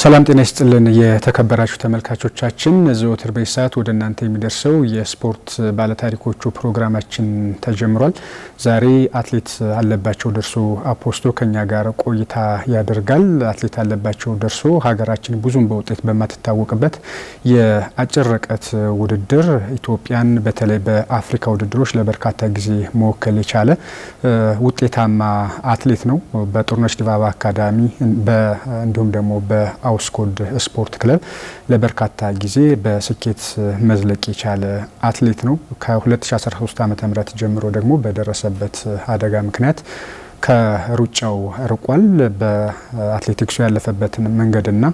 ሰላም ጤና ይስጥልን። የተከበራችሁ ተመልካቾቻችን ዘወትር በዚህ ሰዓት ወደ እናንተ የሚደርሰው የስፖርት ባለታሪኮቹ ፕሮግራማችን ተጀምሯል። ዛሬ አትሌት አለባቸው ደርሶ አፖስቶ ከኛ ጋር ቆይታ ያደርጋል። አትሌት አለባቸው ደርሶ ሀገራችን ብዙም በውጤት በማትታወቅበት የአጭር ርቀት ውድድር ኢትዮጵያን በተለይ በአፍሪካ ውድድሮች ለበርካታ ጊዜ መወከል የቻለ ውጤታማ አትሌት ነው። በጥሩነሽ ዲባባ አካዳሚ እንዲሁም ደግሞ በ አውስኮልድ ስፖርት ክለብ ለበርካታ ጊዜ በስኬት መዝለቅ የቻለ አትሌት ነው። ከ2013 ዓ ም ጀምሮ ደግሞ በደረሰበት አደጋ ምክንያት ከሩጫው ርቋል። በአትሌቲክሱ ያለፈበትን መንገድና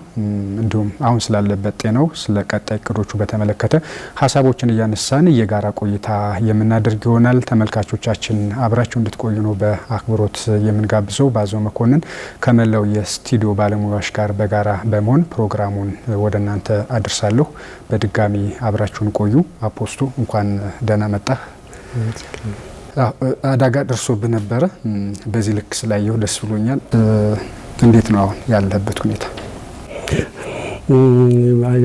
እንዲሁም አሁን ስላለበት ጤናው ስለ ቀጣይ እቅዶቹ በተመለከተ ሀሳቦችን እያነሳን የጋራ ቆይታ የምናደርግ ይሆናል። ተመልካቾቻችን አብራችሁ እንድትቆዩ ነው በአክብሮት የምንጋብዘው። ባዘው መኮንን ከመላው የስቱዲዮ ባለሙያዎች ጋር በጋራ በመሆን ፕሮግራሙን ወደ እናንተ አድርሳለሁ። በድጋሚ አብራችሁን ቆዩ። አፖስቱ እንኳን ደህና መጣህ። አደጋ ደርሶብህ ነበረ። በዚህ ልክ ስላየሁ ደስ ብሎኛል። እንዴት ነው አሁን ያለበት ሁኔታ?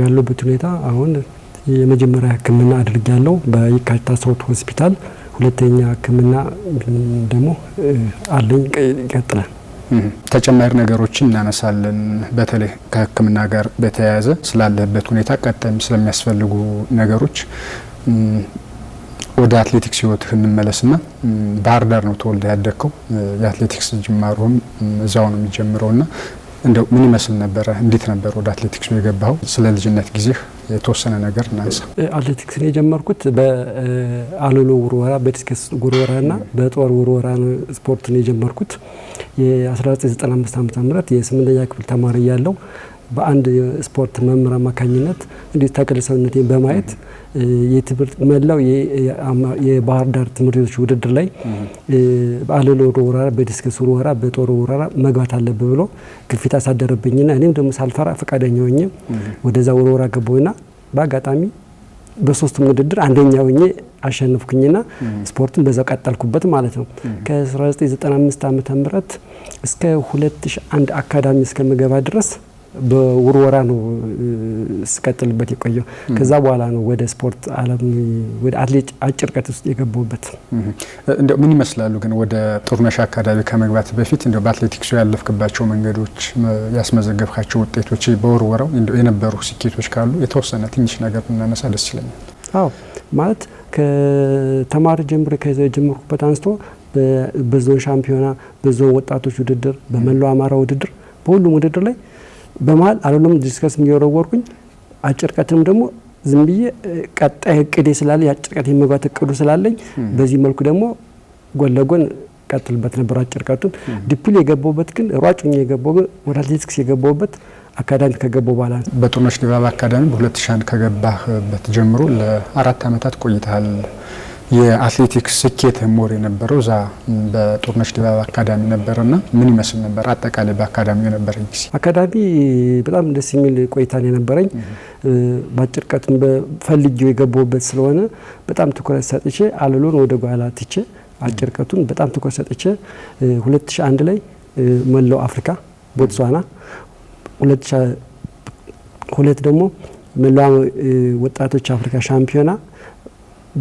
ያለበት ሁኔታ አሁን የመጀመሪያ ሕክምና አድርጊያለሁ በየካቲት አስራት ሆስፒታል። ሁለተኛ ሕክምና ደግሞ አለኝ ይቀጥላል። ተጨማሪ ነገሮችን እናነሳለን። በተለይ ከህክምና ጋር በተያያዘ ስላለበት ሁኔታ ቀጣይም ስለሚያስፈልጉ ነገሮች ወደ አትሌቲክስ ህይወት እንመለስና ባህር ዳር ነው ተወልደ ያደግከው። የአትሌቲክስ ጅማሮም እዛው ነው የሚጀምረው ና እንደው ምን ይመስል ነበረ? እንዴት ነበር ወደ ነው የገባው ስለ ልጅነት ጊዜህ የተወሰነ ነገር እናንሳ። አትሌቲክስን የጀመርኩት በአሎሎ ውርወራ፣ በዲስከስ ውርወራ ና በጦር ውርወራ ስፖርትን የጀመርኩት የ1995 ዓ ም የስምንተኛ ክፍል ተማሪ ያለው በአንድ ስፖርት መምህር አማካኝነት እንዲሁ ተክለ ሰውነቴን በማየት የትምህርት መላው የባህር ዳር ትምህርት ቤቶች ውድድር ላይ በአለሎ ወርወራ፣ በዲስከስ ወርወራ፣ በጦር ወራራ መግባት አለብ ብሎ ግፊት አሳደረብኝና እኔም ደግሞ ሳልፈራ ፈቃደኛ ሆኜ ወደዛ ወርወራ ገባሁና በአጋጣሚ በሶስቱም ውድድር አንደኛ ሆኜ አሸነፍኩኝና ስፖርቱን በዛው ቀጠልኩበት ማለት ነው። ከ1995 ዓ ም እስከ 2001 አካዳሚ እስከምገባ ድረስ በውርወራ ነው ስቀጥልበት የቆየው። ከዛ በኋላ ነው ወደ ስፖርት ዓለም ወደ አትሌት አጭር ርቀት ውስጥ የገባሁበት። እንደው ምን ይመስላሉ ግን ወደ ጦርነሽ አካዳሚ ከመግባት በፊት እንደው በአትሌቲክሱ ያለፍክባቸው መንገዶች፣ ያስመዘገብካቸው ውጤቶች፣ በውርወራው እንደው የነበሩ ስኬቶች ካሉ የተወሰነ ትንሽ ነገር ብናነሳ ደስ ይለኛል። አዎ ማለት ከተማሪ ጀምሮ ከጀመርኩበት አንስቶ በዞን ሻምፒዮና፣ በዞን ወጣቶች ውድድር፣ በመላው አማራ ውድድር፣ በሁሉም ውድድር ላይ በመሀል አልሆነም ዲስከስ የሚወረወርኩኝ አጭር ቀትም ደግሞ ዝም ብዬ ቀጣይ እቅዴ ስላለኝ አጭር ቀት የመግባት እቅዱ ስላለኝ በዚህ መልኩ ደግሞ ጎን ለጎን ቀጥልበት ነበር። አጭር ዲፕል የገባውበት ግን ሯጭኝ የገባው ግን ወደ አትሌቲክስ የገባውበት አካዳሚ ከገባው በኋላ በጥሩነሽ ዲባባ አካዳሚ በ2001 ከገባህበት ጀምሮ ለአራት ዓመታት ቆይተሃል። የአትሌቲክስ ስኬት ሞር የነበረው እዛ በጦርነሽ ድባብ አካዳሚ ነበረና ምን ይመስል ነበር አጠቃላይ በአካዳሚ የነበረኝ ጊዜ? አካዳሚ በጣም ደስ የሚል ቆይታን የነበረኝ በአጭር ቀትም ፈልጌው የገባሁበት ስለሆነ በጣም ትኩረት ሰጥቼ አልሎን ወደ ጓላ ትቼ አጭር ቀቱን በጣም ትኩረት ሰጥቼ 2001 ላይ መላው አፍሪካ ቦትስዋና፣ ሁለት ደግሞ መላው ወጣቶች አፍሪካ ሻምፒዮና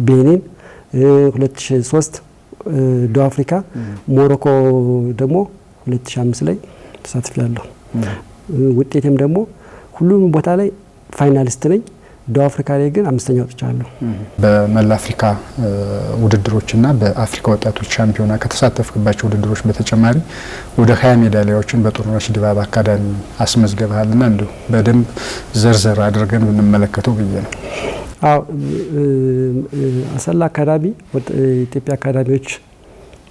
ቤኒን 2003 ደቡብ አፍሪካ፣ ሞሮኮ ደግሞ 2005 ላይ ተሳትፌያለሁ። ውጤትም ደግሞ ሁሉም ቦታ ላይ ፋይናሊስት ነኝ። ደቡብ አፍሪካ ላይ ግን አምስተኛ ወጥቻለሁ። በመላ አፍሪካ ውድድሮችና በአፍሪካ ወጣቶች ሻምፒዮና ከተሳተፍክባቸው ውድድሮች በተጨማሪ ወደ ሀያ ሜዳሊያዎችን በጥሩነሽ ዲባባ አካዳሚ አስመዝግበሃልና እንዲሁ በደንብ ዘርዘር አድርገን ብንመለከተው ብዬ ነው። አሰላ አካዳሚ ኢትዮጵያ አካዳሚዎች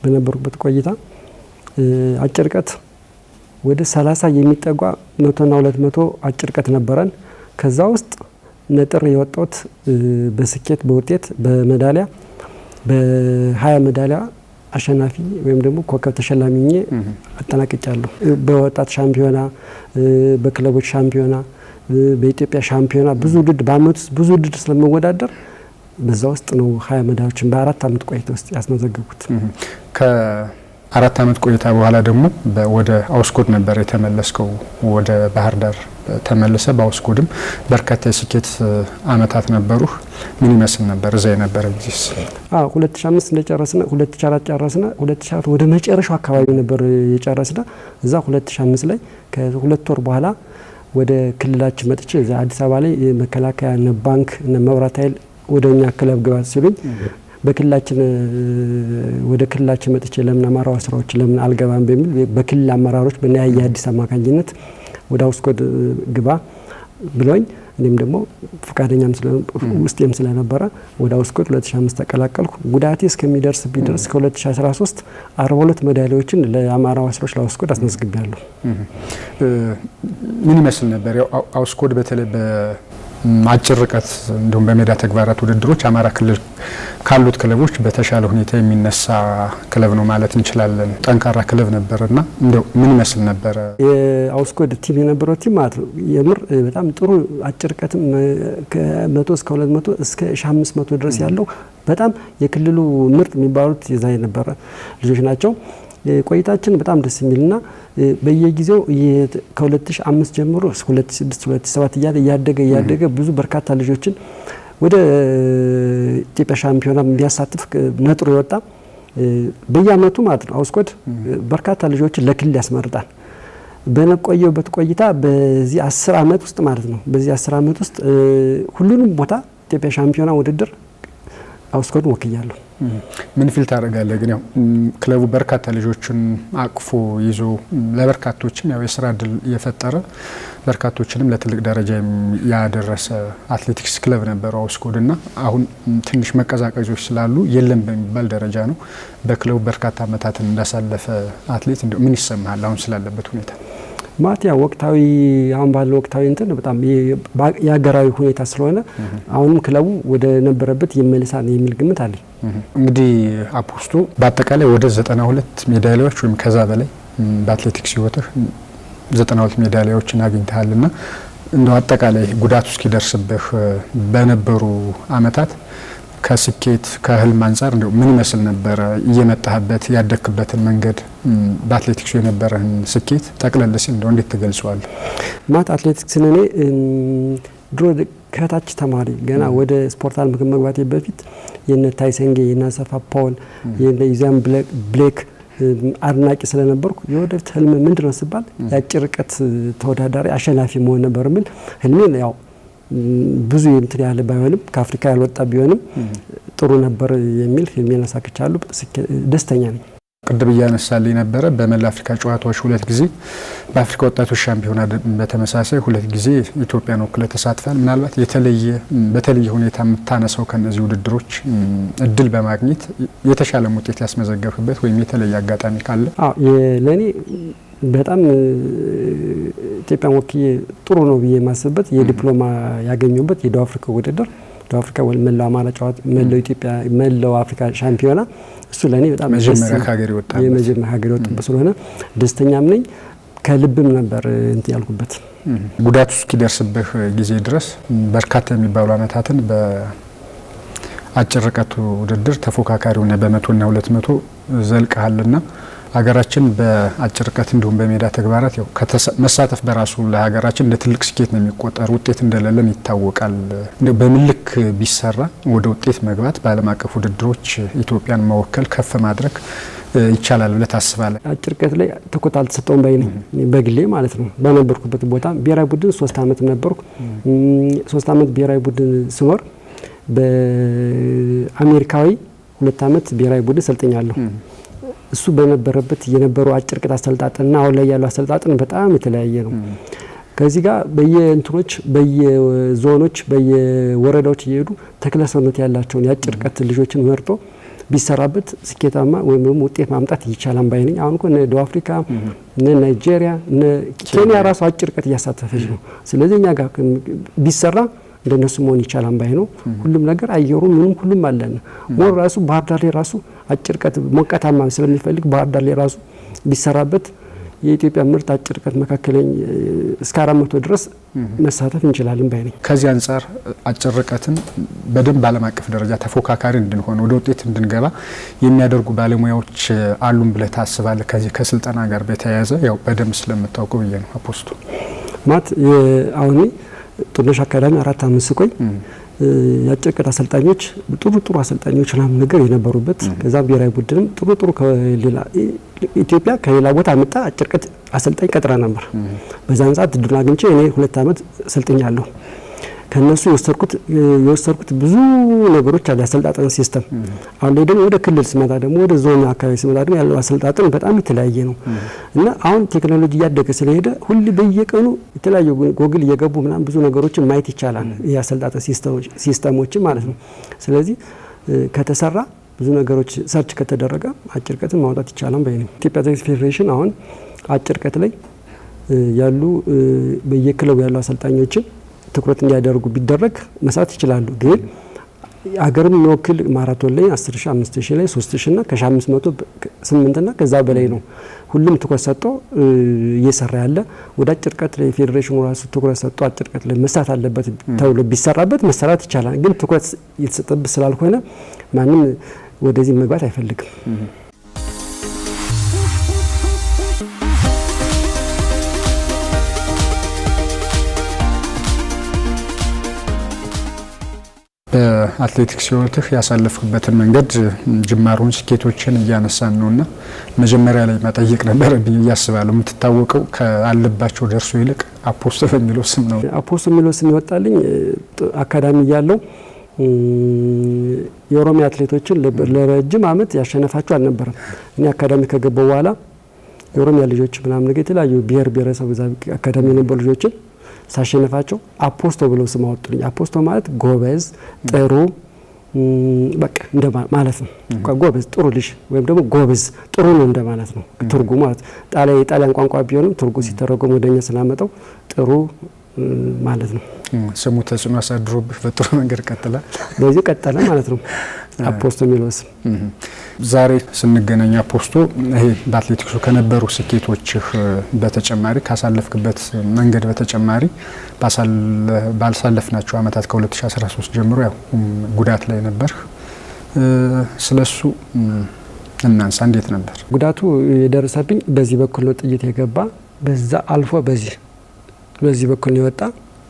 በነበሩበት ቆይታ አጭር ርቀት ወደ 30 የሚጠጓ መቶና ሁለት መቶ አጭር ርቀት ነበረን። ከዛ ውስጥ ነጥር የወጣሁት በስኬት በውጤት በ20 ሜዳሊያ አሸናፊ ወይም ደግሞ ኮከብ ተሸላሚኜ አጠናቅጫለሁ። በወጣት ሻምፒዮና፣ በክለቦች ሻምፒዮና በኢትዮጵያ ሻምፒዮና ብዙ ውድድ በአመት ውስጥ ብዙ ውድድ ስለመወዳደር በዛ ውስጥ ነው ሀያ መዳዮችን በአራት አመት ቆይታ ውስጥ ያስመዘገቡት። ከአራት አመት ቆይታ በኋላ ደግሞ ወደ አውስኮድ ነበር የተመለስከው። ወደ ባህር ዳር ተመልሰ በአውስኮድም በርካታ የስኬት አመታት ነበሩ። ምን ይመስል ነበር እዛ የነበረ ጊዜስ? ሁለት ሺ አምስት እንደጨረስነ ሁለት ሺ አራት ጨረስነ። ሁለት ሺ አራት ወደ መጨረሻው አካባቢ ነበር የጨረስነ። እዛ ሁለት ሺ አምስት ላይ ከሁለት ወር በኋላ ወደ ክልላችን መጥቼ እዛ አዲስ አበባ ላይ መከላከያ ነ ባንክ መብራት ኃይል ወደ እኛ ክለብ ግባ ሲሉኝ በክልላችን ወደ ክልላችን መጥቼ ለምን አማራዋ ስራዎች ለምን አልገባም በሚል በክልል አመራሮች በናያ አዲስ አማካኝነት ወደ አውስኮድ ግባ ብለውኝ እኔም ደግሞ ፈቃደኛም ውስጤም ስለነበረ ወደ አውስኮት 2005 ተቀላቀልኩ። ጉዳቴ እስከሚደርስብኝ ድረስ ከ2013 42 ሜዳሊያዎችን ለአማራ ዋስሎች ለአውስኮድ አስመዝግቤያለሁ። ምን ይመስል ነበር ያው አውስኮድ በተለይ አጭር ርቀት እንዲሁም በሜዳ ተግባራት ውድድሮች አማራ ክልል ካሉት ክለቦች በተሻለ ሁኔታ የሚነሳ ክለብ ነው ማለት እንችላለን። ጠንካራ ክለብ ነበረና እንደው ምን ይመስል ነበረ? የአውስኮድ ቲም የነበረው ቲም ማለት ነው የምር በጣም ጥሩ አጭር ርቀትም ከመቶ እስከ ሁለት መቶ እስከ ሺ አምስት መቶ ድረስ ያለው በጣም የክልሉ ምርጥ የሚባሉት የዛ የነበረ ልጆች ናቸው። ቆይታችን በጣም ደስ የሚልና በየጊዜው ከ2005 ጀምሮ እስከ 2006 2007 እያለ እያደገ እያደገ ብዙ በርካታ ልጆችን ወደ ኢትዮጵያ ሻምፒዮና የሚያሳትፍ ነጥሮ የወጣ በየአመቱ ማለት ነው አውስኮድ በርካታ ልጆችን ለክልል ያስመርጣል። በነቆየውበት ቆይታ በዚህ አስር አመት ውስጥ ማለት ነው በዚህ አስር አመት ውስጥ ሁሉንም ቦታ ኢትዮጵያ ሻምፒዮና ውድድር አውስኮድን ወክያለሁ። ምን ፊል ታደርጋለህ? ግን ያው ክለቡ በርካታ ልጆችን አቅፎ ይዞ ለበርካቶችም ያው የስራ እድል እየፈጠረ በርካቶችንም ለትልቅ ደረጃ ያደረሰ አትሌቲክስ ክለብ ነበሩ አውስኮድ እና አሁን ትንሽ መቀዛቀዞች ስላሉ የለም በሚባል ደረጃ ነው። በክለቡ በርካታ አመታትን እንዳሳለፈ አትሌት እንዲያው ምን ይሰማሃል አሁን ስላለበት ሁኔታ? ማለት ያው ወቅታዊ አሁን ባለው ወቅታዊ እንትን በጣም የሀገራዊ ሁኔታ ስለሆነ አሁንም ክለቡ ወደ ነበረበት ይመልሳል የሚል ግምት አለኝ። እንግዲህ አፖስቶ በአጠቃላይ ወደ 92 ሜዳሊያዎች ወይም ከዛ በላይ በአትሌቲክስ ህይወትህ 92 ሜዳሊያዎችን አግኝተሃል ና እንደ አጠቃላይ ጉዳቱ እስኪደርስብህ በነበሩ አመታት ከስኬት ከህልም አንጻር እንዲ ምን ይመስል ነበረ? እየመጣህበት ያደግክበትን መንገድ በአትሌቲክሱ የነበረህን ስኬት ጠቅለል ሲል እንደው እንዴት ትገልጸዋል? ማት አትሌቲክስን እኔ ድሮ ከታች ተማሪ ገና ወደ ስፖርታል ምግብ መግባቴ በፊት የነ ታይሰንጌ የነ አሰፋ ፓውል የነ ኢዛም ብሌክ አድናቂ ስለነበርኩ የወደፊት ህልም ምንድን ነው ስባል የአጭር ርቀት ተወዳዳሪ አሸናፊ መሆን ነበር። ምን ህልሜ ያው ብዙ እንትን ያለ ባይሆንም ከአፍሪካ ያልወጣ ቢሆንም ጥሩ ነበር የሚል ህልሜን አሳክቻለሁ። ደስተኛ ነኝ። ቅድም እያነሳልኝ ነበረ። በመላ አፍሪካ ጨዋታዎች ሁለት ጊዜ በአፍሪካ ወጣቶች ሻምፒዮና በተመሳሳይ ሁለት ጊዜ ኢትዮጵያን ወክለ ተሳትፈን ምናልባት በተለየ ሁኔታ የምታነሳው ከነዚህ ውድድሮች እድል በማግኘት የተሻለ ውጤት ያስመዘገብክበት ወይም የተለየ አጋጣሚ ካለ? ለእኔ በጣም ኢትዮጵያን ወክዬ ጥሩ ነው ብዬ የማስብበት የዲፕሎማ ያገኘበት የደቡብ አፍሪካ ውድድር ደቡብ አፍሪካ መላው አማራ ጨዋታ መላው ኢትዮጵያ መላው አፍሪካ ሻምፒዮና እሱ ለእኔ በጣም መጀመሪያ ሀገር የወጣበት ስለሆነ ደስተኛም ነኝ። ከልብም ነበር እንትን ያልኩበት። ጉዳቱ እስኪደርስብህ ጊዜ ድረስ በርካታ የሚባሉ አመታትን በአጭር ርቀቱ ውድድር ተፎካካሪ ሆነ በመቶና ሁለት መቶ ዘልቀሃልና ሀገራችን በአጭር ርቀት እንዲሁም በሜዳ ተግባራት መሳተፍ በራሱ ለሀገራችን እንደ ትልቅ ስኬት ነው የሚቆጠር፣ ውጤት እንደሌለን ይታወቃል። በምልክ ቢሰራ ወደ ውጤት መግባት በዓለም አቀፍ ውድድሮች ኢትዮጵያን መወከል ከፍ ማድረግ ይቻላል ብለ ታስባለ? አጭር ርቀት ላይ ትኩረት አልተሰጠውም ባይ ነኝ በግሌ ማለት ነው። በነበርኩበት ቦታ ብሔራዊ ቡድን ሶስት አመት ነበርኩ። ሶስት አመት ብሔራዊ ቡድን ስኖር በአሜሪካዊ ሁለት አመት ብሔራዊ ቡድን ሰልጠኛለሁ። እሱ በነበረበት የነበሩ አጭር ቅጥ አሰልጣጥንና አሁን ላይ ያለው አሰልጣጥን በጣም የተለያየ ነው። ከዚህ ጋር በየእንትኖች በየዞኖች በየወረዳዎች እየሄዱ ተክለሰውነት ያላቸውን የአጭር ቀት ልጆችን መርጦ ቢሰራበት ስኬታማ ወይም ደግሞ ውጤት ማምጣት ይቻላል ባይ ነኝ። አሁን እኮ እነ ደቡብ አፍሪካ እነ ናይጄሪያ እነ ኬንያ ራሱ አጭር ቀት እያሳተፈች ነው። ስለዚህ እኛ ጋር ቢሰራ እንደነሱ መሆን ይቻላል ባይ ነው። ሁሉም ነገር አየሩ ምንም ሁሉም አለን። ሞር ራሱ ባህር ዳር ላይ ራሱ አጭርቀት ሞቀታማ ስለሚፈልግ ባህር ዳር ላይ ራሱ ቢሰራበት የኢትዮጵያ ምርት አጭር ርቀት መካከለኛ እስከ አራት መቶ ድረስ መሳተፍ እንችላለን ባይ ነኝ። ከዚህ አንጻር አጭር ርቀትን በደንብ ዓለም አቀፍ ደረጃ ተፎካካሪ እንድንሆን ወደ ውጤት እንድንገባ የሚያደርጉ ባለሙያዎች አሉን ብለህ ታስባለህ? ከዚህ ከስልጠና ጋር በተያያዘ ያው በደንብ ስለምታውቀው ብዬ ነው አፖስቱ ማት አሁን ትንሽ አካዳሚ አራት አምስት ስቆኝ የአጭር ርቀት አሰልጣኞች ጥሩ ጥሩ አሰልጣኞች ናም ነገር የነበሩበት ከዛ ብሔራዊ ቡድንም ጥሩ ጥሩ ከሌላ ኢትዮጵያ ከሌላ ቦታ አመጣ አጭር ርቀት አሰልጣኝ ቀጥራ ነበር። በዛን ሰዓት እድሉን አግኝቼ እኔ ሁለት አመት ሰልጥኛለሁ። ከነሱ የወሰድኩት የወሰድኩት ብዙ ነገሮች አለ። አሰልጣጠን ሲስተም አሁን ደግሞ ወደ ክልል ስመጣ ደግሞ ወደ ዞን አካባቢ ስመጣ ደግሞ ያለው አሰልጣጠን በጣም የተለያየ ነው እና አሁን ቴክኖሎጂ እያደገ ስለሄደ ሁሉ በየቀኑ የተለያዩ ጎግል እየገቡ ምናምን ብዙ ነገሮችን ማየት ይቻላል። የአሰልጣጠን ሲስተሞችን ማለት ነው። ስለዚህ ከተሰራ ብዙ ነገሮች ሰርች ከተደረገ አጭር ቀትን ማውጣት ይቻላል። በይ ኢትዮጵያ አትሌቲክስ ፌዴሬሽን አሁን አጭር ቀት ላይ ያሉ በየክለቡ ያሉ አሰልጣኞችን ትኩረት እንዲያደርጉ ቢደረግ መስራት ይችላሉ። ግን አገርም የሚወክል ማራቶን ላይ 10 ሺህ፣ 5 ሺህ ላይ 3 እና ከ500 8 እና ከዛ በላይ ነው። ሁሉም ትኩረት ሰጥቶ እየሰራ ያለ ወደ አጭር ርቀት ላይ ፌዴሬሽኑ ራሱ ትኩረት ሰጥቶ አጭር ርቀት ላይ መስራት አለበት ተብሎ ቢሰራበት መሰራት ይቻላል። ግን ትኩረት እየተሰጠበት ስላልሆነ ማንም ወደዚህ መግባት አይፈልግም። በአትሌቲክስ ህይወትህ ያሳለፍክበትን መንገድ ጅማሮን፣ ስኬቶችን እያነሳን ነውና መጀመሪያ ላይ መጠየቅ ነበረብኝ እያስባለሁ። የምትታወቀው ከአለባቸው ደርሶ ይልቅ አፖስቶ በሚለው ስም ነው። አፖስቶ የሚለው ስም ይወጣልኝ አካዳሚ እያለው የኦሮሚያ አትሌቶችን ለረጅም ዓመት ያሸነፋቸው አልነበረም። እኔ አካዳሚ ከገባው በኋላ የኦሮሚያ ልጆች ምናምን የተለያዩ ብሔር ብሔረሰብ አካዳሚ የነበሩ ልጆችን ሳሸነፋቸው አፖስቶ ብለው ስም አወጡልኝ። አፖስቶ ማለት ጎበዝ፣ ጥሩ በቃ እንደ ማለት ነው። ጎበዝ ጥሩ ልጅ ወይም ደግሞ ጎበዝ ጥሩ ነው እንደ ማለት ነው ትርጉሙ ማለት ጣሊያን ቋንቋ ቢሆንም ትርጉም ሲተረጎም ወደኛ ስላመጣው ጥሩ ማለት ነው። ስሙ ተጽዕኖ አሳድሮብህ በጥሩ መንገድ ቀጥላ በዚህ ቀጠለ ማለት ነው። አፖስቶ የሚለው ስም ዛሬ ስንገናኝ አፖስቶ ይሄ በአትሌቲክሱ ከነበሩ ስኬቶችህ በተጨማሪ ካሳለፍክበት መንገድ በተጨማሪ ባልሳለፍናቸው አመታት ከ2013 ጀምሮ ያው ጉዳት ላይ ነበርህ። ስለሱ እናንሳ። እንዴት ነበር ጉዳቱ የደረሰብኝ? በዚህ በኩል ጥይት የገባ በዛ አልፎ በዚህ በዚህ በኩል ነው የወጣ፣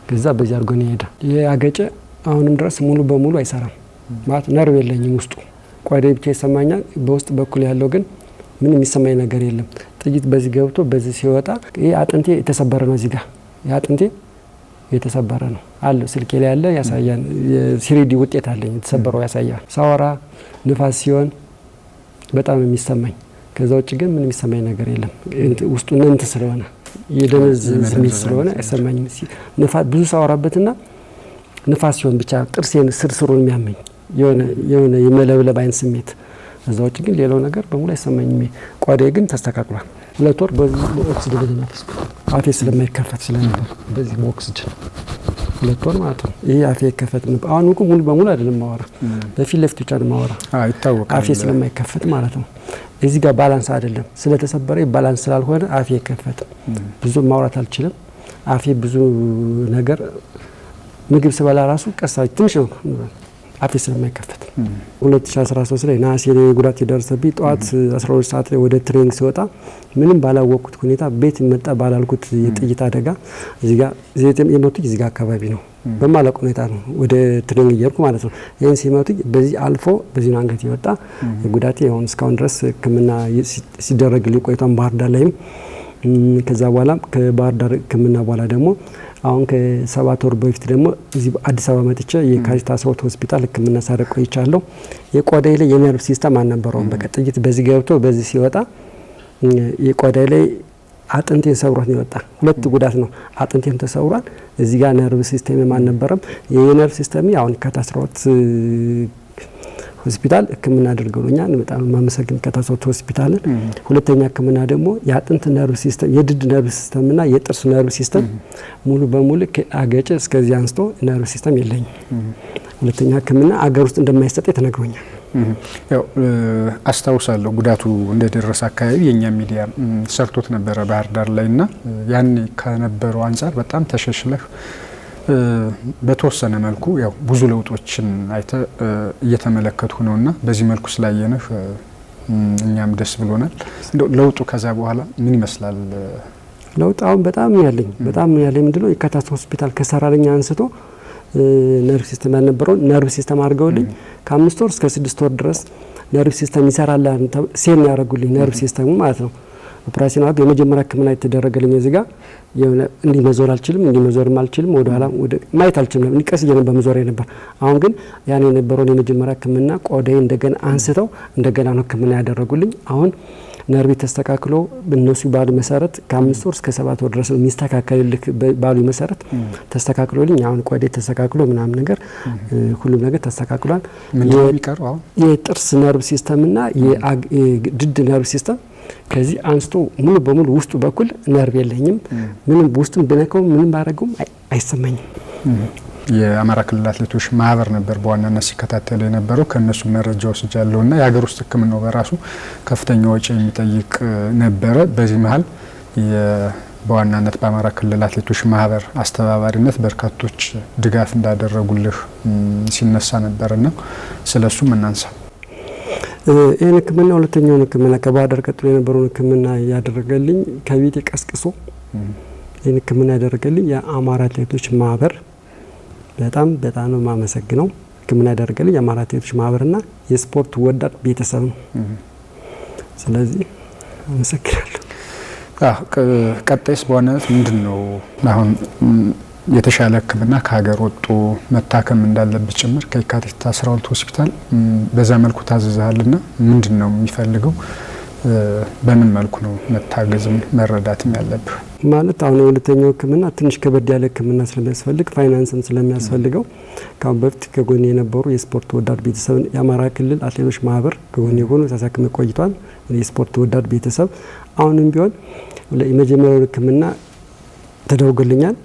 ከዛ በዚህ አድርጎ ነው የሄደ። ይሄ አገጨ አሁንም ድረስ ሙሉ በሙሉ አይሰራም ማለት ነርቭ የለኝም ውስጡ ቋዴ ብቻ ይሰማኛል። በውስጥ በኩል ያለው ግን ምን የሚሰማኝ ነገር የለም። ጥይት በዚህ ገብቶ በዚህ ሲወጣ ይህ አጥንቴ የተሰበረ ነው። እዚህ ጋር ይህ አጥንቴ የተሰበረ ነው አለ ስልኬ ላይ ያለ ያሳያል። የሲሪዲ ውጤት አለኝ የተሰበረው ያሳያል። ሳወራ ንፋስ ሲሆን በጣም የሚሰማኝ ከዛ ውጭ ግን ምን የሚሰማኝ ነገር የለም ውስጡ ነንት ስለሆነ የደነዘዝ ስሜት ስለሆነ አይሰማኝም። ንፋት ብዙ ሳወራበትና ንፋስ ሲሆን ብቻ ጥርሴን ስርስሩን የሚያመኝ የሆነ የመለብለብ አይነት ስሜት እዛ ውጭ ግን ሌላው ነገር በሙሉ አይሰማኝም። ቆዳዬ ግን ተስተካክሏል። ሁለት ወር በኦክስጅን አፌ ስለማይከፈት ስለነበር በዚህ በኦክስጅን ሁለት ወር ማለት ነው። ይህ አፌ የከፈት ነበር። አሁን እንኳ ሙሉ በሙሉ አይደለም ማወራ፣ በፊት ለፊት ብቻ ነው ማወራ። አፌ ስለማይከፈት ማለት ነው። እዚህ ጋር ባላንስ አይደለም ስለተሰበረ ባላንስ ስላልሆነ አፌ ይከፈት፣ ብዙ ማውራት አልችልም። አፌ ብዙ ነገር ምግብ ስበላ ራሱ ቀሳ ትንሽ ነው አፌ ስለማይከፈት 2013 ላይ ነሐሴ ላይ ጉዳት የደረሰብኝ ጠዋት 12 ሰዓት ላይ ወደ ትሬኒንግ ሲወጣ ምንም ባላወቅኩት ሁኔታ ቤት መጣ ባላልኩት የጥይት አደጋ እዚጋ ጋር የመቱኝ እዚጋ ጋር አካባቢ ነው። በማለቅ ሁኔታ ነው ወደ ትሬኒንግ እየሄድኩ ማለት ነው። ይህን ሲመቱኝ በዚህ አልፎ በዚህ ነው አንገት የወጣ ጉዳቴ አሁን እስካሁን ድረስ ሕክምና ሲደረግ ሊቆይቷን ባህር ዳር ላይም ከዛ በኋላ ከባህር ዳር ሕክምና በኋላ ደግሞ አሁን ከሰባት ወር በፊት ደግሞ እዚህ አዲስ አበባ መጥቼ የካሪታስ ሮት ሆስፒታል ሕክምና ሳደርግ ቆይቻለሁ። የቆዳ ላይ የነርቭ ሲስተም አልነበረውም። በቃ ጥይት በዚህ ገብቶ በዚህ ሲወጣ የቆዳ ላይ አጥንቴን ሰብሮት ይወጣ ሁለት ጉዳት ነው። አጥንቴም ተሰውሯል። እዚህ ጋር ነርቭ ሲስተም አልነበረም። የነርቭ ሲስተም አሁን ካታስ ሮት ሆስፒታል ህክምና አድርገውልኛል። በጣም ማመሰግን ከታሶት ሆስፒታልን። ሁለተኛ ህክምና ደግሞ የአጥንት ነርቭ ሲስተም፣ የድድ ነርቭ ሲስተምና የጥርስ ነርቭ ሲስተም ሙሉ በሙሉ ከአገጭ እስከዚህ አንስቶ ነርቭ ሲስተም የለኝም። ሁለተኛ ህክምና አገር ውስጥ እንደማይሰጥ ተነግሮኛል። ያው አስታውሳለሁ ጉዳቱ እንደደረሰ አካባቢ የእኛ ሚዲያ ሰርቶት ነበረ ባህር ዳር ላይ እና ያን ከነበረው አንጻር በጣም ተሸሽለህ በተወሰነ መልኩ ያው ብዙ ለውጦችን አይተ እየተመለከቱ ነውና በዚህ መልኩ ስላየነህ እኛም ደስ ብሎናል። እንደው ለውጡ ከዛ በኋላ ምን ይመስላል? ለውጥ አሁን በጣም ያለኝ በጣም ያለኝ ነው የካታስ ሆስፒታል ከሰራለኝ አንስቶ ነርቭ ሲስተም ያልነበረውን ነርቭ ሲስተም አድርገውልኝ ከአምስት ወር እስከ ስድስት ወር ድረስ ነርቭ ሲስተም ይሰራል ሴል ያደረጉልኝ ነርቭ ሲስተሙ ማለት ነው። ኦፕራሲን አድርገው የመጀመሪያ ሕክምና የተደረገልኝ እዚህ ጋር የሆነ እንዲህ መዞር አልችልም፣ እንዲህ መዞርም አልችልም፣ ወደ ኋላ ወደ ማየት አልችልም። ቀስ እያለ በመዞር ነበር። አሁን ግን ያን የነበረውን የመጀመሪያ ሕክምና ቆዳዬ እንደገና አንስተው እንደገና ነው ሕክምና ያደረጉልኝ አሁን ነርቭ ተስተካክሎ እነሱ ባሉ መሰረት ከአምስት ወር እስከ ሰባት ወር ድረስ የሚስተካከልልክ ባሉ መሰረት ተስተካክሎልኝ አሁን ቆዴ ተስተካክሎ ምናምን ነገር ሁሉም ነገር ተስተካክሏል። የጥርስ ነርቭ ሲስተምና የድድ ነርቭ ሲስተም ከዚህ አንስቶ ሙሉ በሙሉ ውስጡ በኩል ነርቭ የለኝም። ምንም ውስጡን ብነካው ምንም ባረገውም አይሰማኝም። የአማራ ክልል አትሌቶች ማህበር ነበር በዋናነት ሲከታተል የነበረው ከእነሱ መረጃ ወስጃለሁ እና የሀገር ውስጥ ሕክምናው በራሱ ከፍተኛ ወጪ የሚጠይቅ ነበረ። በዚህ መሀል በዋናነት በአማራ ክልል አትሌቶች ማህበር አስተባባሪነት በርካቶች ድጋፍ እንዳደረጉልህ ሲነሳ ነበርና ስለ እሱም እናንሳ። ይህን ሕክምና ሁለተኛውን ሕክምና ከባህር ቀጥሎ የነበረውን ሕክምና ያደረገልኝ ከቤት ቀስቅሶ ይህን ሕክምና ያደረገልኝ የአማራ አትሌቶች ማህበር በጣም በጣም ነው የማመሰግነው። ሕክምና ያደረገልኝ የአማራ አትሌቶች ማህበርና የስፖርት ወዳድ ቤተሰብ ነው። ስለዚህ አመሰግናለሁ። ቀጣይስ በዋናነት ምንድን ነው አሁን የተሻለ ሕክምና ከሀገር ወጡ መታከም እንዳለበት ጭምር ከየካቲት 12 ሆስፒታል በዛ መልኩ ታዘዛልና ምንድን ነው የሚፈልገው? በምን መልኩ ነው መታገዝም መረዳትም ያለብህ? ማለት አሁን የሁለተኛው ሕክምና ትንሽ ከበድ ያለ ሕክምና ስለሚያስፈልግ ፋይናንስም ስለሚያስፈልገው ከአሁን በፊት ከጎን የነበሩ የስፖርት ወዳድ ቤተሰብ የአማራ ክልል አትሌቶች ማህበር ከጎን የሆኑ ሳሳክም ቆይቷል። የስፖርት ወዳድ ቤተሰብ አሁንም ቢሆን የመጀመሪያውን ሕክምና ተደርጎልኛል፣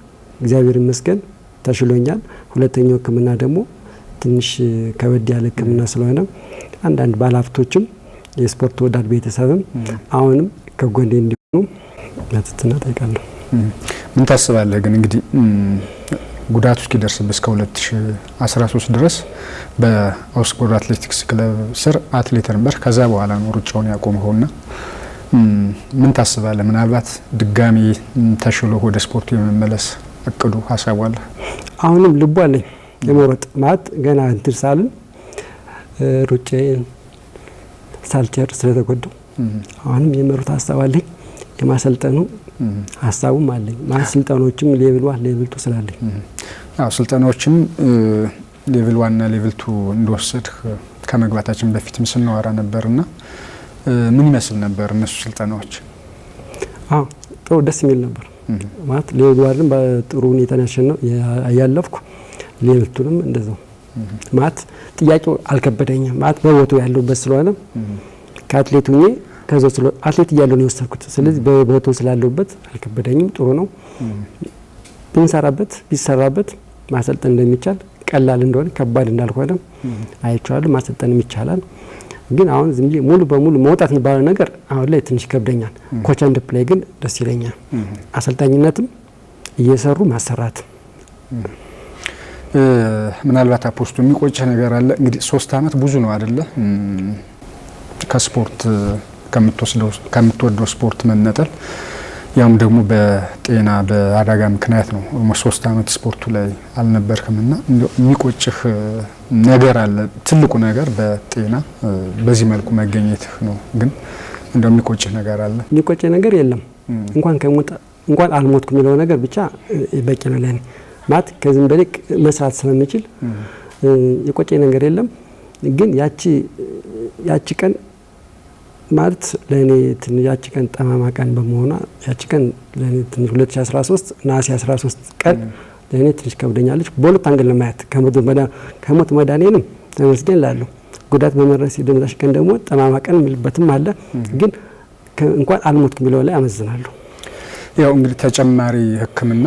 እግዚአብሔር ይመስገን ተሽሎኛል። ሁለተኛው ሕክምና ደግሞ ትንሽ ከበድ ያለ ሕክምና ስለሆነ አንዳንድ ባለሀብቶችም የስፖርት ወዳድ ቤተሰብም አሁንም ከጎንዴ እንዲሆኑ ለትትና ጠይቃለሁ። ምን ታስባለህ ግን እንግዲህ ጉዳቱ እስኪደርስበት እስከ 2013 ድረስ በአውግስቡርግ አትሌቲክስ ክለብ ስር አትሌት ነበር። ከዛ በኋላ ነው ሩጫውን ያቆምኸውና ምን ታስባለህ? ምናልባት ድጋሚ ተሽሎ ወደ ስፖርቱ የመመለስ እቅዱ ሀሳቡ አለ? አሁንም ልቡ አለኝ የመሮጥ ማለት ገና እንትን ሳልን ሩጬ ሳልቸር ስለተጎዳው አሁንም የመሩት ሀሳብ አለኝ። የማሰልጠኑ ሀሳቡም አለኝ። ስልጠናዎችም ሌቭል ዋን ሌቭል ቱ ስላለኝ ስልጠናዎችም ሌቭል ዋንና ሌቭል ቱ እንደወሰድ ከመግባታችን በፊትም ስናወራ ነበርና ምን ይመስል ነበር እነሱ ስልጠናዎች? አዎ ጥሩ ደስ የሚል ነበር ማለት ሌቭል ዋንም በጥሩ ሁኔታ ያሸነፍ ያለፍኩ ሌቭል ቱንም እንደዛው ማት ጥያቄው አልከበደኝም። ማት በቦታው ያለበት ስለሆነ ከአትሌት ሁኜ ከዛ ስለ አትሌት እያለሁ ነው የወሰድኩት። ስለዚህ በቦታው ስላለሁበት አልከበደኝም። ጥሩ ነው ብንሰራበት ቢሰራበት ማሰልጠን እንደሚቻል ቀላል እንደሆነ ከባድ እንዳልሆነ አይቼዋለሁ። ማሰልጠንም ይቻላል። ግን አሁን ዝም ብዬ ሙሉ በሙሉ መውጣት የሚባለው ነገር አሁን ላይ ትንሽ ይከብደኛል። ኮች አንድ ፕላይ ግን ደስ ይለኛል። አሰልጣኝነትም እየሰሩ ማሰራት ምናልባት አፖስቶ የሚቆጭህ ነገር አለ። እንግዲህ ሶስት አመት ብዙ ነው አደለ? ከስፖርት ከምትወደው ስፖርት መነጠል ያም ደግሞ በጤና በአደጋ ምክንያት ነው። ሶስት አመት ስፖርቱ ላይ አልነበርክም እና የሚቆጭህ ነገር አለ። ትልቁ ነገር በጤና በዚህ መልኩ መገኘትህ ነው። ግን እንደው የሚቆጭህ ነገር አለ? የሚቆጭህ ነገር የለም። እንኳን ከሞት እንኳን አልሞትኩ የሚለው ነገር ብቻ በቂ ነው ለኔ። ማት ከዚህም በልቅ መስራት ስለምችል የቆጨኝ ነገር የለም። ግን ያቺ ያቺ ቀን ማለት ለእኔ ያቺ ቀን ጠማማ ቀን በመሆኗ ያቺ ቀን ለእኔ ትንሽ 2013 ነሐሴ 13 ቀን ለእኔ ትንሽ ከብደኛለች። በሁለት አንገል ለማየት ከሞት መዳኔንም ተመስገን ላለሁ ጉዳት በመረስ የደመዛሽ ቀን ደግሞ ጠማማ ቀን የሚልበትም አለ። ግን እንኳን አልሞትኩም የሚለው ላይ አመዝናለሁ። ያው እንግዲህ ተጨማሪ ሕክምና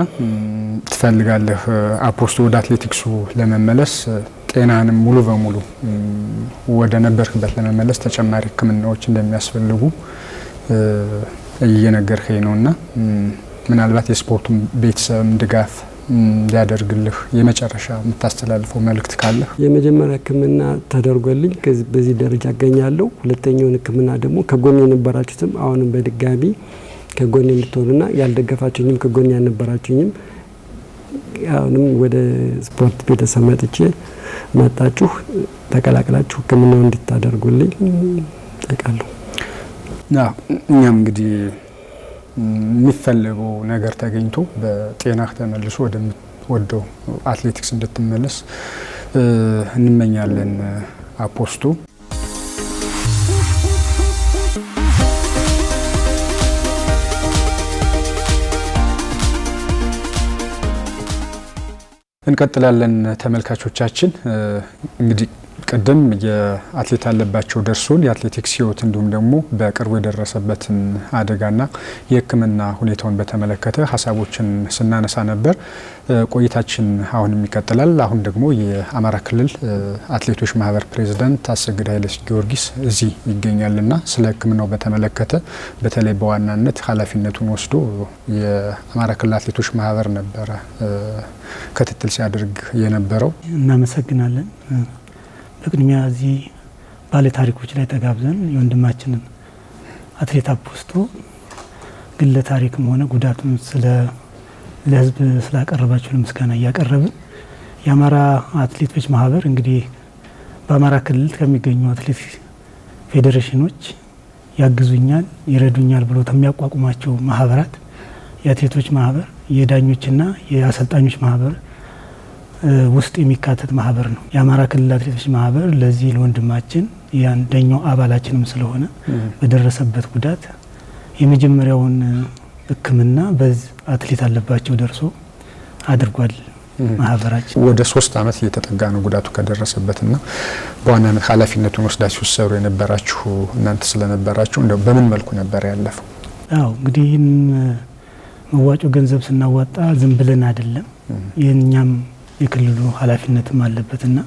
ትፈልጋለህ። አፖስቶ ወደ አትሌቲክሱ ለመመለስ ጤናንም ሙሉ በሙሉ ወደ ነበርክበት ለመመለስ ተጨማሪ ሕክምናዎች እንደሚያስፈልጉ እየነገርከኝ ነው እና ምናልባት የስፖርቱን ቤተሰብም ድጋፍ ሊያደርግልህ የመጨረሻ የምታስተላልፈው መልእክት ካለህ? የመጀመሪያ ህክምና ተደርጎልኝ በዚህ ደረጃ አገኛለሁ ሁለተኛውን ህክምና ደግሞ ከጎን የነበራችሁትም አሁንም በድጋሚ ከጎን እንድትሆኑና ያልደገፋችሁኝም ከጎን ያልነበራችሁኝም አሁንም ወደ ስፖርት ቤተሰብ መጥቼ መጣችሁ ተቀላቅላችሁ ሕክምናው እንድታደርጉልኝ ጠይቃለሁ። እኛም እንግዲህ የሚፈለገው ነገር ተገኝቶ በጤናህ ተመልሶ ወደምትወደው አትሌቲክስ እንድትመለስ እንመኛለን። አፖስቶ እንቀጥላለን ተመልካቾቻችን እንግዲህ ቀደም የአትሌት አለባቸው ደርሶን የአትሌቲክስ ሕይወት እንዲሁም ደግሞ በቅርቡ የደረሰበትን አደጋና የሕክምና ሁኔታውን በተመለከተ ሀሳቦችን ስናነሳ ነበር። ቆይታችን አሁንም ይቀጥላል። አሁን ደግሞ የአማራ ክልል አትሌቶች ማህበር ፕሬዚዳንት አሰግድ ኃይለ ጊዮርጊስ እዚህ ይገኛልና ስለ ሕክምናው በተመለከተ በተለይ በዋናነት ኃላፊነቱን ወስዶ የአማራ ክልል አትሌቶች ማህበር ነበረ ክትትል ሲያደርግ የነበረው። እናመሰግናለን። በቅድሚያ እዚህ ባለ ታሪኮች ላይ ተጋብዘን የወንድማችንን አትሌት አፖስቶ ግለ ታሪክም ሆነ ጉዳቱን ስለ ለህዝብ ስላቀረባቸው ምስጋና እያቀረብን የአማራ አትሌቶች ማህበር እንግዲህ በአማራ ክልል ከሚገኙ አትሌት ፌዴሬሽኖች ያግዙኛል፣ ይረዱኛል ብሎ ከሚያቋቁማቸው ማህበራት የአትሌቶች ማህበር፣ የዳኞችና የአሰልጣኞች ማህበር ውስጥ የሚካተት ማህበር ነው። የአማራ ክልል አትሌቶች ማህበር ለዚህ ለወንድማችን የአንደኛው አባላችንም ስለሆነ በደረሰበት ጉዳት የመጀመሪያውን ሕክምና በዝ አትሌት አለባቸው ደርሶ አድርጓል። ማህበራችን ወደ ሶስት አመት እየተጠጋ ነው ጉዳቱ ከደረሰበትና በዋናነት ኃላፊነቱን ወስዳችሁ ሰሩ የነበራችሁ እናንተ ስለነበራችሁ እንደው በምን መልኩ ነበር ያለፈው? አዎ እንግዲህ ይህን መዋጮ ገንዘብ ስናዋጣ ዝም ብለን አይደለም። የእኛም የክልሉ ኃላፊነትም አለበትና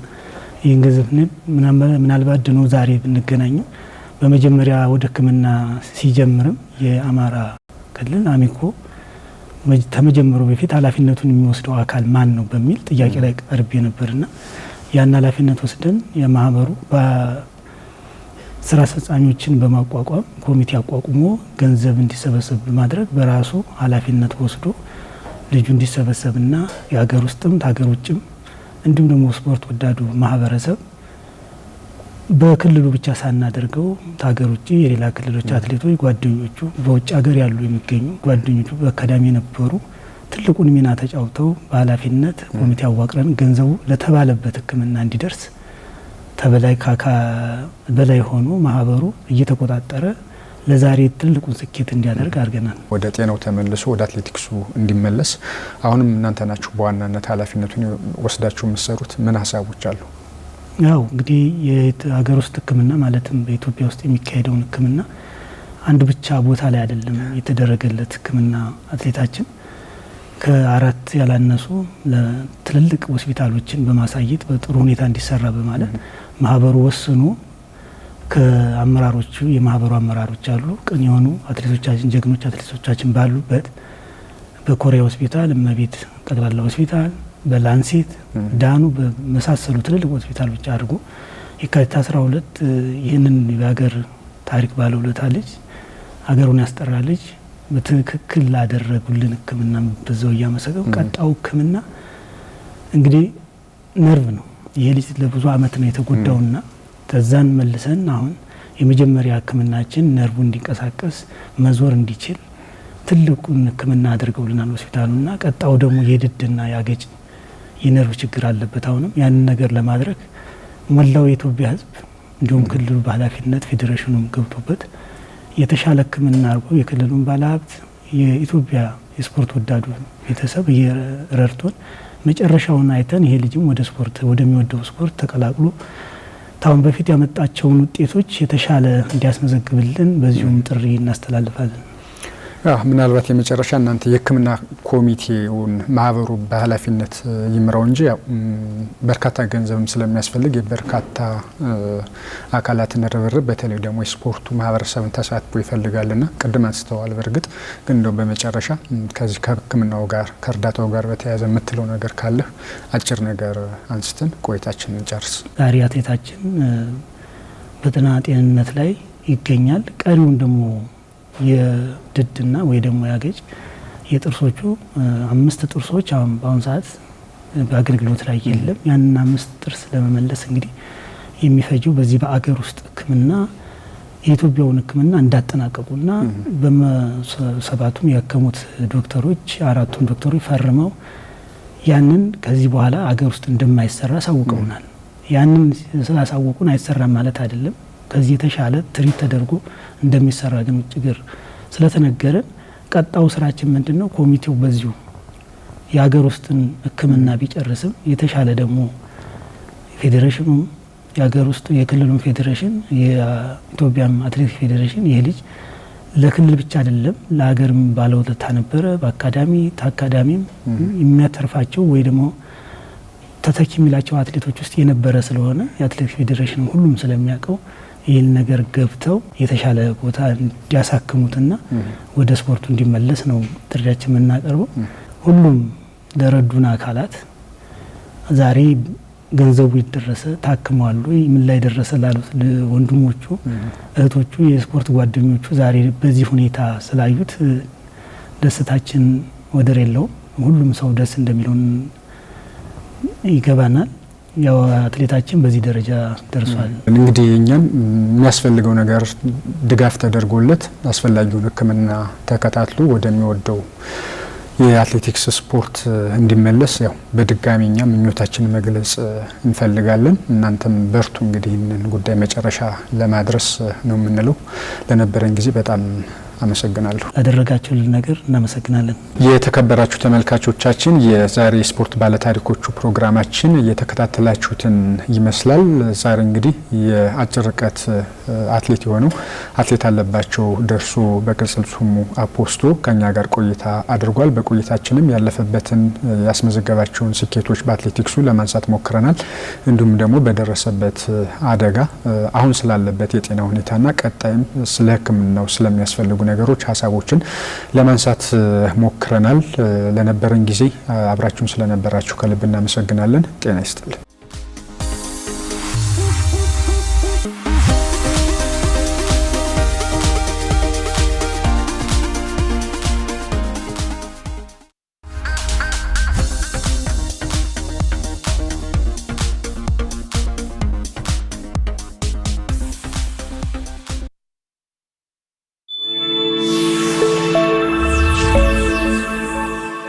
ይህን ገንዘብ ምናልባት ድኖ ዛሬ ብንገናኝ በመጀመሪያ ወደ ሕክምና ሲጀምርም የአማራ ክልል አሚኮ ከመጀመሩ በፊት ኃላፊነቱን የሚወስደው አካል ማን ነው በሚል ጥያቄ ላይ ቀርቤ ነበርና ያን ኃላፊነት ወስደን የማህበሩ ስራ አስፈጻሚዎችን በማቋቋም ኮሚቴ አቋቁሞ ገንዘብ እንዲሰበሰብ በማድረግ በራሱ ኃላፊነት ወስዶ ልጁ እንዲሰበሰብና የሀገር ውስጥም ሀገር ውጭም እንዲሁም ደግሞ ስፖርት ወዳዱ ማህበረሰብ በክልሉ ብቻ ሳናደርገው ሀገር ውጭ የሌላ ክልሎች አትሌቶች ጓደኞቹ፣ በውጭ ሀገር ያሉ የሚገኙ ጓደኞቹ በአካዳሚ የነበሩ ትልቁን ሚና ተጫውተው በኃላፊነት ኮሚቴ አዋቅረን ገንዘቡ ለተባለበት ሕክምና እንዲደርስ ተበላይ በላይ ሆኖ ማህበሩ እየተቆጣጠረ ለዛሬ ትልቁን ስኬት እንዲያደርግ አድርገናል። ወደ ጤናው ተመልሶ ወደ አትሌቲክሱ እንዲመለስ አሁንም እናንተ ናችሁ በዋናነት ኃላፊነቱን ወስዳችሁ የምትሰሩት። ምን ሀሳቦች አሉ? ያው እንግዲህ የሀገር ውስጥ ሕክምና ማለትም በኢትዮጵያ ውስጥ የሚካሄደውን ሕክምና አንድ ብቻ ቦታ ላይ አይደለም የተደረገለት ሕክምና አትሌታችን ከአራት ያላነሱ ለትልልቅ ሆስፒታሎችን በማሳየት በጥሩ ሁኔታ እንዲሰራ በማለት ማህበሩ ወስኖ ከአመራሮቹ የማህበሩ አመራሮች አሉ፣ ቅን የሆኑ አትሌቶቻችን ጀግኖች አትሌቶቻችን ባሉበት በኮሪያ ሆስፒታል፣ እመቤት ጠቅላላ ሆስፒታል፣ በላንሴት ዳኑ በመሳሰሉ ትልልቅ ሆስፒታሎች አድርጎ የካቲት ሁለት ይህንን የሀገር ታሪክ ባለውለታ ልጅ ሀገሩን ያስጠራ ልጅ በትክክል ላደረጉልን ሕክምና በዛው እያመሰገው ቀጣው ሕክምና እንግዲህ ነርቭ ነው። ይሄ ልጅ ለብዙ አመት ነው የተጎዳውና ከዛን መልሰን አሁን የመጀመሪያ ህክምናችን ነርቡ እንዲንቀሳቀስ መዞር እንዲችል ትልቁን ህክምና አድርገውልናል ና ቀጣው ደግሞ የድድና ያገጭ የነርቭ ችግር አለበት። አሁንም ያንን ነገር ለማድረግ መላው የኢትዮጵያ ህዝብ እንዲሁም ክልሉ በኃላፊነት ፌዴሬሽኑም ገብቶበት የተሻለ ህክምና አድርጎ የክልሉን ባለሀብት የኢትዮጵያ የስፖርት ወዳዱ ቤተሰብ እየረድቶን መጨረሻውን አይተን ይሄ ልጅም ወደ ስፖርት ወደሚወደው ስፖርት ተቀላቅሎ ታሁን በፊት ያመጣቸውን ውጤቶች የተሻለ እንዲያስመዘግብልን በዚሁም ጥሪ እናስተላልፋለን። ምናልባት የመጨረሻ እናንተ የሕክምና ኮሚቴውን ማህበሩ በኃላፊነት ይምራው እንጂ በርካታ ገንዘብም ስለሚያስፈልግ የበርካታ አካላትን ርብርብ በተለይ ደግሞ የስፖርቱ ማህበረሰብን ተሳትፎ ይፈልጋልና ቅድም አንስተዋል። በእርግጥ ግን እንደው በመጨረሻ ከዚህ ከሕክምናው ጋር ከእርዳታው ጋር በተያያዘ የምትለው ነገር ካለ አጭር ነገር አንስተን ቆይታችን ጨርስ። ዛሬ አትሌታችን በጤና ጤንነት ላይ ይገኛል። ቀሪውን ደግሞ የድድና ወይ ደግሞ ያገጭ የጥርሶቹ አምስት ጥርሶች አሁን በአሁኑ ሰዓት በአገልግሎት ላይ የለም። ያንን አምስት ጥርስ ለመመለስ እንግዲህ የሚፈጀው በዚህ በአገር ውስጥ ሕክምና የኢትዮጵያውን ሕክምና እንዳጠናቀቁና በመሰባቱም ያከሙት ዶክተሮች አራቱም ዶክተሮች ፈርመው ያንን ከዚህ በኋላ አገር ውስጥ እንደማይሰራ አሳውቀውናል። ያንን ስላሳወቁን አይሰራም ማለት አይደለም። ከዚህ የተሻለ ትሪት ተደርጎ እንደሚሰራ ግን ችግር ስለተነገረን ቀጣው ስራችን ምንድን ነው? ኮሚቴው በዚሁ የሀገር ውስጥን ሕክምና ቢጨርስም የተሻለ ደግሞ ፌዴሬሽኑም የሀገር ውስጥ የክልሉም ፌዴሬሽን የኢትዮጵያም አትሌቲክ ፌዴሬሽን ይህ ልጅ ለክልል ብቻ አይደለም ለሀገርም ባለውለታ ነበረ። በአካዳሚ ታካዳሚም የሚያተርፋቸው ወይ ደግሞ ተተኪ የሚላቸው አትሌቶች ውስጥ የነበረ ስለሆነ የአትሌቲክ ፌዴሬሽን ሁሉም ስለሚያውቀው ይህን ነገር ገብተው የተሻለ ቦታ እንዲያሳክሙትና ወደ ስፖርቱ እንዲመለስ ነው ጥሪያችን የምናቀርበው። ሁሉም ለረዱን አካላት ዛሬ ገንዘቡ ይደረሰ ታክመዋሉ። ምን ላይ ደረሰ ላሉት ወንድሞቹ፣ እህቶቹ፣ የስፖርት ጓደኞቹ ዛሬ በዚህ ሁኔታ ስላዩት ደስታችን ወደር የለውም። ሁሉም ሰው ደስ እንደሚለውን ይገባናል። ያው አትሌታችን በዚህ ደረጃ ደርሷል። እንግዲህ እኛም የሚያስፈልገው ነገር ድጋፍ ተደርጎለት አስፈላጊውን ሕክምና ተከታትሎ ወደሚወደው የአትሌቲክስ ስፖርት እንዲመለስ ያው በድጋሚ እኛ ምኞታችን መግለጽ እንፈልጋለን። እናንተም በርቱ። እንግዲህ ይህንን ጉዳይ መጨረሻ ለማድረስ ነው የምንለው። ለነበረን ጊዜ በጣም አመሰግናለሁ። ያደረጋችሁልን ነገር እናመሰግናለን። የተከበራችሁ ተመልካቾቻችን የዛሬ ስፖርት ባለታሪኮቹ ፕሮግራማችን እየተከታተላችሁትን ይመስላል። ዛሬ እንግዲህ የአጭር ርቀት አትሌት የሆነው አትሌት አለባቸው ደርሶ በቅጽል ስሙ አፖስቶ ከኛ ጋር ቆይታ አድርጓል። በቆይታችንም ያለፈበትን ያስመዘገባቸውን ስኬቶች በአትሌቲክሱ ለማንሳት ሞክረናል። እንዲሁም ደግሞ በደረሰበት አደጋ አሁን ስላለበት የጤና ሁኔታና ቀጣይም ስለ ሕክምናው ስለሚያስፈልጉ ነገሮች፣ ሀሳቦችን ለማንሳት ሞክረናል። ለነበረን ጊዜ አብራችሁን ስለነበራችሁ ከልብ እናመሰግናለን። ጤና ይስጥልን።